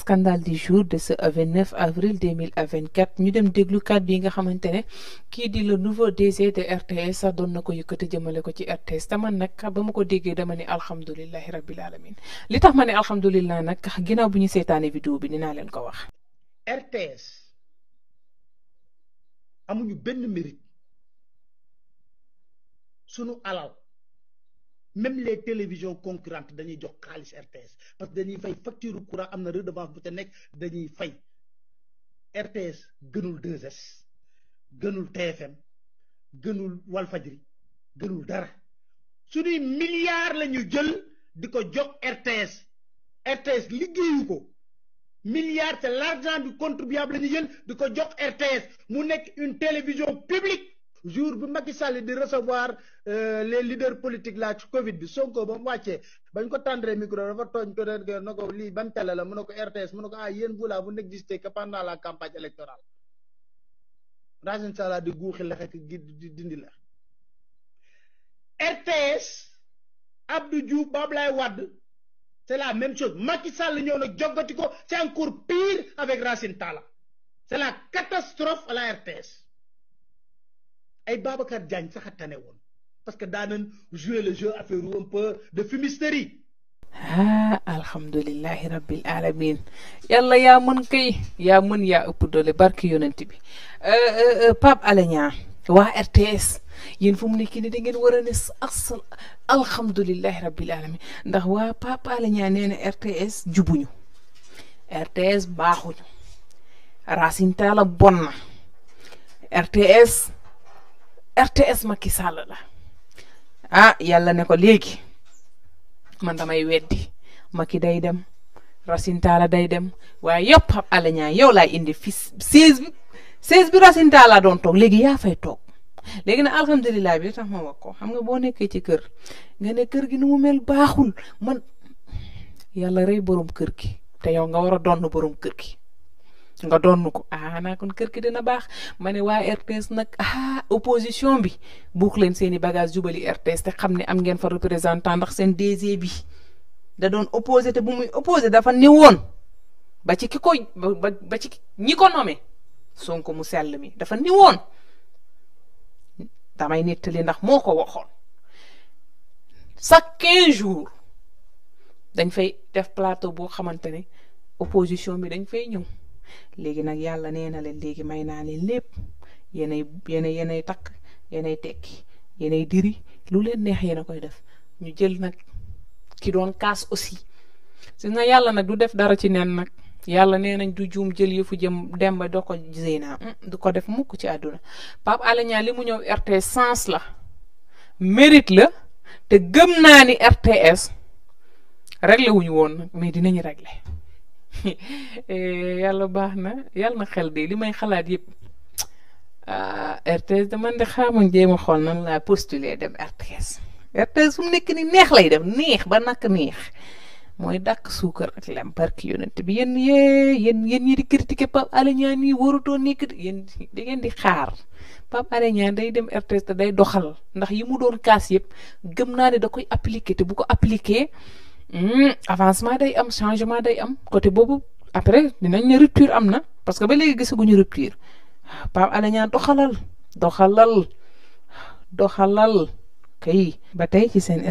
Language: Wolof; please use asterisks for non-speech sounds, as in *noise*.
scandale du jour de ce 29 avril 2024 ñu dem déglu kàddu yi nga xamante ne kii di le nouveau DG de RTS sax doon na ko yëkkati jëmale ko ci RTS te man nag ba ma ko déggee dama ne alhamdulilahi rabbil alamin li tax ma ne alhamdulilah nag ginnaaw bu ñu seetaanee vidéo bi dinaa leen ko wax. RTS amuñu benn mérite sunu alal. même les télévisions concurrentes dañuy jox RTS parce que dañuy fay facture courant amna devant redevance bu ca nek dañuy fay RTS gënul 2S gënul TFM gënul Walfadjri gënul dara des milliards les jël diko jox RTS RTS liggéeyu milliards c'est l'argent du contribuable nijel de jël diko jox RTS mu une télévision publique jour bu Macky Sall di recevoir euh, les leaders politiques la ci Covid bi Sonko ba mu wàccee bañ ko tendre micro dafa togn ko ne na li ban télé la mu ko RTS mu ko ah yéen vous là vous n'existez que pendant la campagne électorale. Racine Talla di guuxi la xekk di dindi la. RTS Abdou Diouf Bablay Wad c'est la même chose Macky Sall ñëw na joggati ko c'est encore pire avec Racine Talla c'est la catastrophe à la RTS. ay Babacar Diagne sax a parce que daanan jouer le jeu affaire un peu de fumisterie ah alhamdulilahi rabbil alamin yàlla yaa mën kay yaa mën yaa ëpp doole barki yonent bi euh, euh, euh, Pape Alé Niang waa RTS yéen fu mu nekk nii da ngeen war a ne asal alamin ndax waa Pape Alé Niang nee na RTS jubuñu RTS baaxuñu Racine Talla bon RTS RTS Macky Sall la ah yàlla ne ko léegi man damay weddi Macky day dem Racine Talla day dem waaye yëpp Pape Alé yow laay indi fi seize bi seize bi Racine Talla doon léegi yaa fay toog léegi na alhamdulilah bi tax ma wax ko xam nga boo nekkee ci kër nga ne kër gi nu mu mel baaxul man yàlla rey borom kër gi te yow nga war a doon borom kër gi. nga donnu ko ah na kon kër ki dina baax ma ne waa RTS nag ah opposition bi buux leen seen bagage jubali RTS te xam ne am ngeen fa représentant ndax seen DG bi da doon opposé te bu muy opposé dafa ni woon ba ci ki ko ba ci ñi ko nomé Sonko mu sell mi dafa ni woon damay nettali ndax moo ko waxoon chaque quinze jours dañ fay def plateau boo xamante ne opposition bi dañ fay ñëw léegi nag yàlla nee na leen léegi may naa leen lépp yéenay yéenay yéenay takk yéenay tekki yéenay diri lu leen neex yéen a koy def ñu jël nag ki doon kaas aussi si nga yàlla nag du def dara ci nen nag yàlla nee nañ du juum jël yëfu jëm dem ba doo ko Zeyna mm, du ko def mukk ci àdduna Pape Alé Niang li mu ñëw RTS sens la mérite la te gëm naa ni RTS réglé wuñu woon mais dinañu regle *laughs* Eh, yàlla baax na yàlla na xel de li may xalaat yëpp ah, RTS de man de xaamuñ jéem a xool laa postuler dem RTS RTS fu nekk ni neex lay dem neex ba nak neex mooy dàkk suukar ak lem barki yonent bi yéen yee yéen yéen ñi di critiquer Pape Alé Niang yi warutoo nekk yéen da ngeen di xaar Pape Alé Niang day dem RTS te day doxal ndax yi mu doon kaas yëpp gëm naa ne da koy appliquer te bu ko appliquer Hmm, avancement day am changement day am côté boobu après dinañ ne rupture am na parce que ba léegi gisaguñu rupture Pape Alé Niang doxalal doxalal doxalal kay ba tey ci seen.